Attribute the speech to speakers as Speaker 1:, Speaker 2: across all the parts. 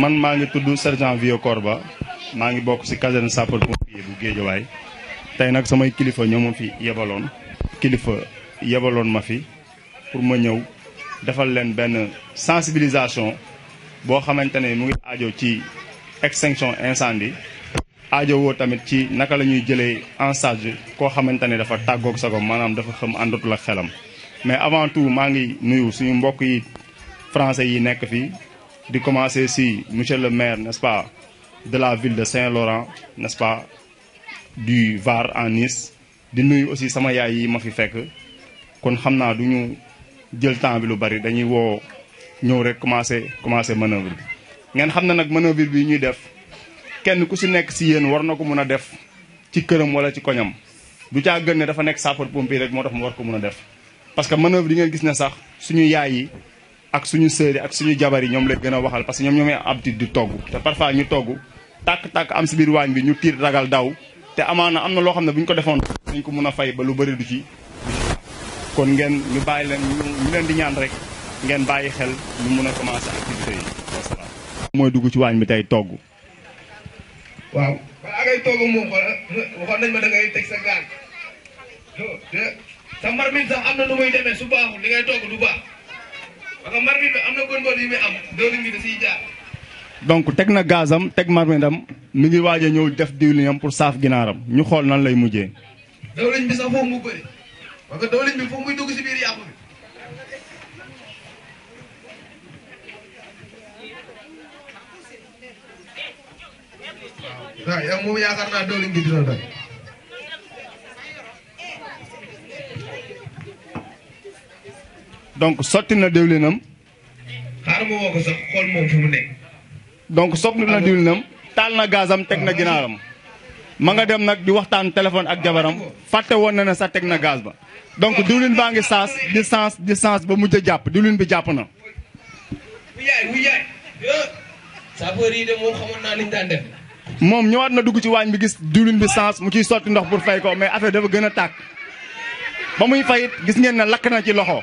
Speaker 1: man mangi tuddu sergent Vieux Corba mangi bok ci caserne sapeur pompier bu Géejawaay tay nak samay kilifa ñoomu fi yebalon kilifa yebalon ma fi pour ma ñew defal len ben sensibilisation bo xamante mu ngi aajo ci extinction incendie aajo wo tamit ci naka lañuy jëlé en charge ko xamante dafa tàggoog sagom manam dafa xam àndatu la xelam mais avant tout mangi nuyu suñu mbokk yi français yi nek fi di commencer si monsieur le maire n'est-ce pas de la ville de Saint-Laurent n'est-ce pas du Var en Nice di nuy aussi sama yaay yi ma fi fekk kon xam naa du ñu jël temps bi lu bari dañuy woo ñëw rek commencer commencer manœuvre bi ngeen xam ne nag manœuvre bi ñuy def kenn ku si nekk si yéen war na ko mun a def ci këram wala ci koñam du caa gën ne dafa nekk sapeur pompier rek moo tax mu war ko mun a def parce que yi ngeen gis ne sax suñu yaay yi ak suñu sœur ak suñu jabar yi ñoom lay gëna waxal parce que ñoom ñoomee habitude di togg té parfois ñu togg tak tak am ci bir wañ bi ñu tir ragal daw té amana amna lo xamné buñ ko defoon dañ ko mëna fay ba lu bëri du ci kon ngeen ñu bayi leen ñu leen di ñaan rek ngeen bayi xel ñu mëna commencer activité yi wasalaam mooy dugg ci wañ bi tay togg waaw agay togg mo ko waxoon nañ ma da ngay tek sa gaan sa mbar mi sax am na nu muy demee su baaxul li ngay togg du baax parce bi am na muy am teg na gazam teg marmitam mi ngi waaj a ñëw def diwlinam pour saaf ginaaram ñu xool nan lay mujjee. diwlin bi sax foofu mu bëri parce que diwlin bi foofu muy dugg si biir yàpp bi. naa diwlin donc sotti na diwlinam. xaaral ma woo ko sax xool na diwlinam. taal na gazam teg na ah. ginaaram. ma nga dem nag di waxtaan téléphone ak jabaram ah, fàtte woon na ne sax teg na gaz ba. donc ah, diwlin baa ngi saas di distance ba mujj jàpp diwlin bi jàpp na. moom ñëwaat na dugg ci waañ bi gis diwlin bi sens mu ciy sotti ndox pour fay ko mais affaire dafa gën a tàkk ba muy fayit gis ngeen ne lakk na ci loxo.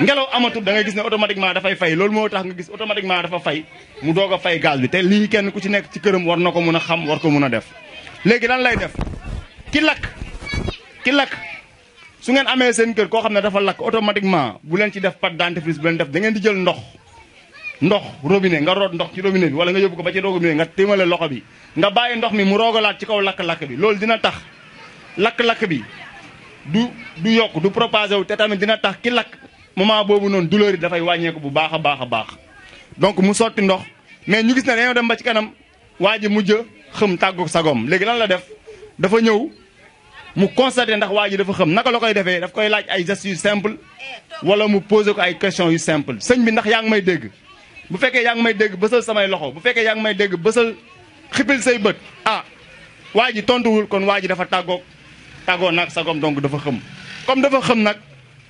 Speaker 1: ngelaw amatul da ngay gis ne automatiquement da fay loolu moo tax nga gis automatiquement fa fay mu doga fay gaz bi te li kenn ku ci nek ci këram war nako ko xam war ko def Lekiran lan lay def ki lak ki lak su ngeen amé seen kër ko xamne da fa lak automatiquement bu len ci def pat dentifrice bu len def da ngeen di jël ndox ndox robinet nga rod ndox ci robinet bi wala nga yobbu ko ba ci mi nga timale loxo bi nga baye ndox mi mu roogalaat ci kaw lak lak bi dina tax lak lak bi du du yok du propager wu te tamit dina tax ki lak moment boobu noonu douleur yi dafay wàññeeku bu baax a baax a baax donc mu sotti ndox mais ñu gis ne dañoo dem ba ci kanam waa ji mujj xëm tàggu sagoom léegi lan la def dafa ñëw mu constaté ndax waa ji dafa xëm naka la koy defee daf koy laaj ay gestes yu simple wala mu posé ko ay questions yu simple sëñ bi ndax yaa ngi may dégg bu fekkee yaa ngi may dégg bësal samay loxo bu fekkee yaa ngi may dégg bësal xipil say bët ah waa ji tontuwul kon waa ji dafa tàggoog tàggoo nag sagoom donc dafa xëm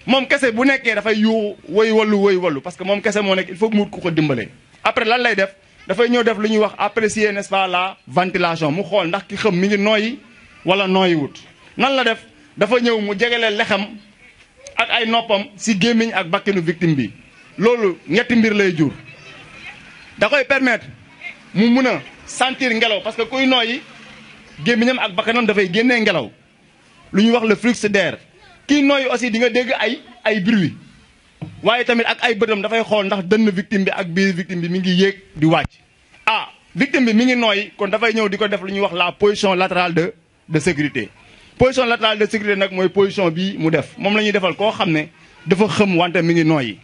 Speaker 1: mom kese bu da fay yow woy walu woy walu parce que mom kese mo nek il faut que mu wut ko après lan lay def fay ñëw def lu ñuy wax apprécier n'est-ce pas la ventilation mu xol ndax ki xam mi ngi nooyi wala noyi wut nan la def dafa ñëw mu jegelee lexam ak ay noppam si gaming ak bakkinu victime bi lolu ñetti mbir lay jour da koy permettre mu mëna sentir ngelaw parce que kuy noyi gémmiñam ak bakkanam fay génné ngelaw lu ñuy wax le flux d'air kii yi aussi di nga dégg ay ay bruit waaye tamit ak ay bëtam dafay xool ndax dënn victime bi ak biir victime bi mi ngi yéeg di wàcc ah victime bi mi ngi nooy kon dafay ñëw di ko def lu ñuy wax la position latérale de de sécurité position latérale de sécurité nag mooy position bii mu def moom la ñuy defal koo xam ne dafa xëm wante mi ngi yi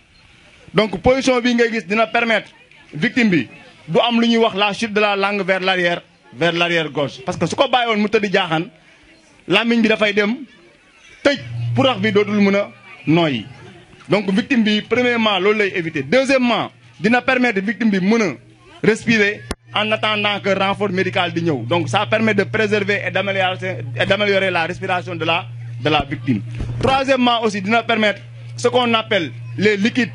Speaker 1: donc position bii ngay gis dina permettre victime bi du am lu ñuy wax la chute de la langue vers l'arrière vers l'arrière gauche parce que su ko bàyyi woon mu tëddi jaaxaan làmmiñ bi dafay dem tëj pour bi le mën noy. donc victime premièrement éviter deuxièmement dina permettre victime bi victime respirer en attendant que renfort médical di donc ça permet de préserver et d'améliorer la respiration de la de la victime troisièmement aussi dina permettre ce qu'on appelle les liquides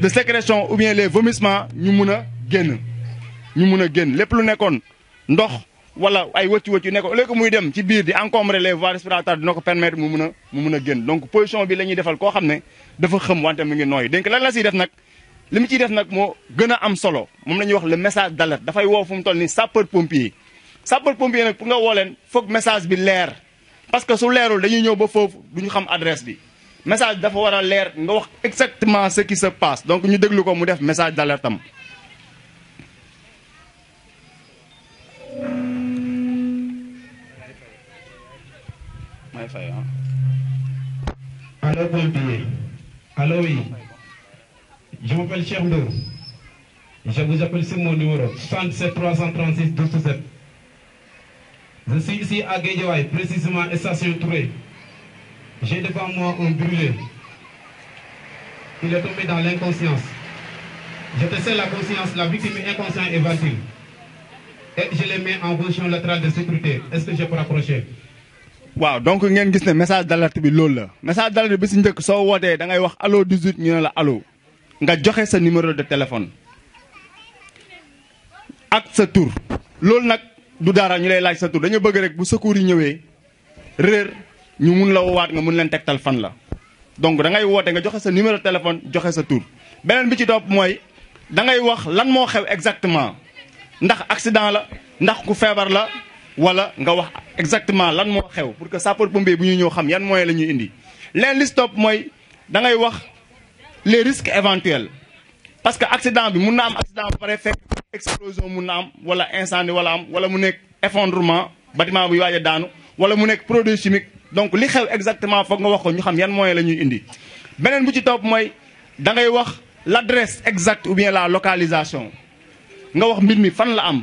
Speaker 1: de sécrétion ou bien les vomissements ñu mun a ñu mun Les lu wala ay wëccu wëccu ne ko au lieu muy dem ci biir di encombrer les voies respiratoires dina ko permettre mu mun a mu mun a génn donc position bi la ñuy defal koo xam ne dafa xëm wante mu ngi nooyu donc lan la siy def nag li mu ciy def nag moo gën a am solo moom la ñuy wax la message d'alerte dafay woo fu mu toll ni sapeur pompier sapeur pompier nag pour nga woo leen foog message bi leer parce que su leerul dañuy ñëw ba foofu du ñu xam adresse bi message dafa war a leer nga wax exactement ce qui se passe donc ñu déglu ko mu def message d'alerte am Allô, bonjour. Allô, oui je m'appelle Cherno. je vous appelle sur mon numéro 107 336 12 je suis ici à Guédiouaï, précisément station Touré j'ai devant moi un brûlé il est tombé dans l'inconscience je te sais la conscience la victime inconsciente est vacille. et je les mets en position latérale de sécurité est-ce que je peux rapprocher waaw donc ngeen gis ne message d'alerte bi loolu la message d'alerte bi si njëkk soo wootee da ngay wax allo 18 ñu ne la allo nga joxe sa numéro de téléphone ak sa tur. loolu nag du daara ñu lay laaj sa tur dañu bëgg rek bu secours yi ñëwee réer ñu mun la woowaat nga mun leen tegtal fan la donc da ngay woote nga joxe sa numéro téléphone joxe sa tur beneen bi ci topp mooy da ngay wax lan moo xew exactement ndax accident la ndax ku feebar la. wala nga wax exactement lan mo xew pour que sapeur pompier bu ñu ñëw xam yan moy lañuy indi len list top moy da ngay wax les risques éventuels parce que accident bi mun na am accident ba pare explosion mun na am wala incendie wala am wala mu nekk effondrement bâtiment bu waaj daanu wala mu nekk produit chimique donc li xew exactement foog nga wax ko ñu xam yan moy lañuy indi benen bu ci top moy da ngay wax l'adresse exacte ou bien la localisation nga wax mbir mi fan la am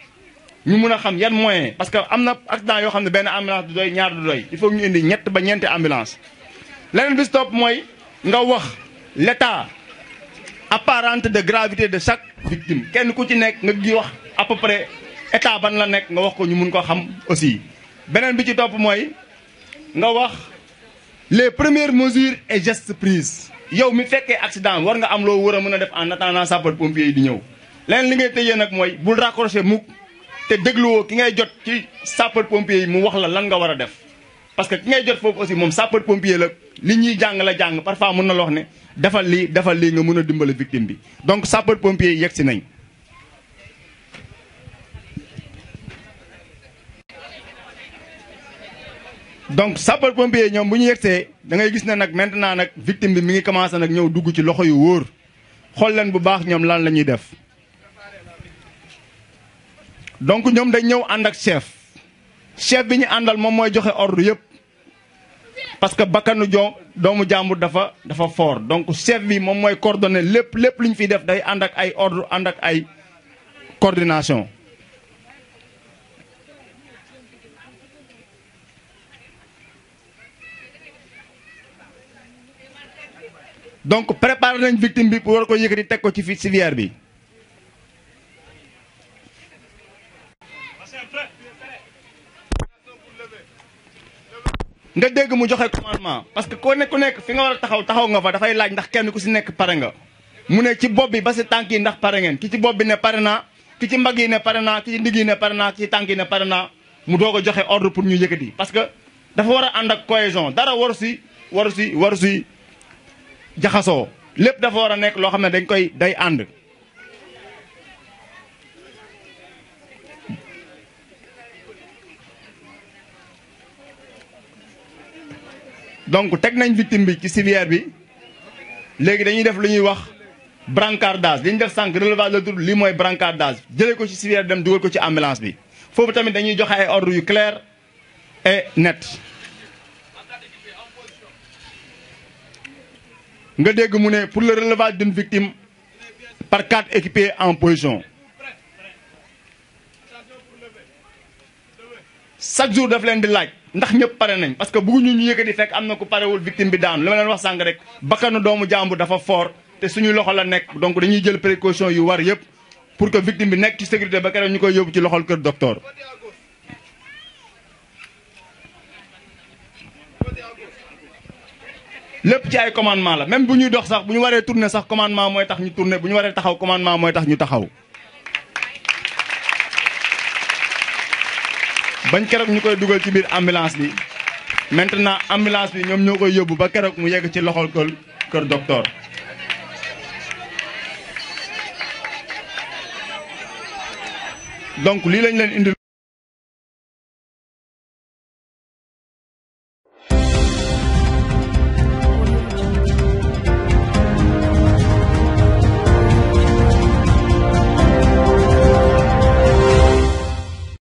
Speaker 1: ñu mun a xam yan moyen parce que am na accident yoo xam ne benn ambulance du doy ñaar du doy il faut ñu indi ñett ba ñeenti ambulance leneen bi stop mooy nga wax l'état apparente de gravité de chaque victime kenn ku ci nekk nga gi wax à peu près état ban la nekk nga wax ko ñu mun ko xam aussi beneen bi ci topp mooy nga wax les premières mesures et gestes prises yow mi fekkee accident war nga am loo war a mën a def en attendant sa pompier yi di ñëw leneen li ngay tëjee nag mooy bul raccroché mukk te dégluwoo ki ngay jot ci sapeur pompier mu wax la lan nga war a def parce que ki ngay jot foofu aussi moom sapeur pompier la li ñuy jàng la jàng parfois mën na la ne defal li defal lii nga mën a dimbale victime bi donc sapeur pompier yi nañ. donc sapeur pompier ñoom bu ñu yegsee da ngay gis ne nag maintenant nag victime bi mi ngi commencé nag ñëw dugg ci loxo yu wóor xool leen bu baax ñoom lan la ñuy def. donc ñoom dañ ñëw ànd ak chef chef bi ñu àndal moom mooy joxe ordre yëpp parce que bakkanu joo doomu jàmbur dafa dafa foor donc chef bi moom mooy coordonné lépp lépp lu ñu fiy def day ànd ak ay ordre ànd ak ay coordination donc préparé nañ victime bi pour war ko yëkkati teg ko ci fi civière bi dégg mu joxe commandement parce que ko ne ku nekk fi nga war a taxaw taxaw nga fa dafay laaj ndax kenn ku si nekk pare nga mu ne ci bopp bi ba si tànk yi ndax pare ngeen ki ci bopp bi ne pare naa ki ci mbagg yi ne pare naa ki ci ndigg yi ne pare naa ki ci tànk yi ne pare naa mu doog a joxe ordre pour ñu yëkkati parce que dafa war a ànd ak cohésion dara waru si waru si waru si jaxasoo lépp dafa war a nekk loo xam ne dañ koy day ànd donc tek nañ victime bi ci civière bi légui dañuy def luñuy brancardage def relevage brancardage ko ci dem ko ci ambulance bi ordre clair et net nga pour le relevage d'une victime par quatre équipés en position chaque jour de leen ndax ñëpp pare nañ parce que bëgguñu ñu yëkkati fekk am na ku parewul victime bi daanu li ma leen wax sànq rek bakkanu doomu jàmbur dafa foor te suñu loxo la nekk donc dañuy jël précaution yu war yëpp pour que victime bi nekk ci sécurité ba keroog ñu koy yóbbu ci loxol kër docteur. lépp ci ay commandement la même bu ñuy dox sax bu ñu waree tourner sax commandement mooy tax ñu tourner bu ñu waree taxaw commandement mooy tax ñu taxaw. bañ keroog ñu koy dugal ci biir ambulance bi maintenant ambulance bi ñoom ñoo koy yóbbu ba keroog mu yegg ci loxol kër kër docteur. donc lii lañ leen indi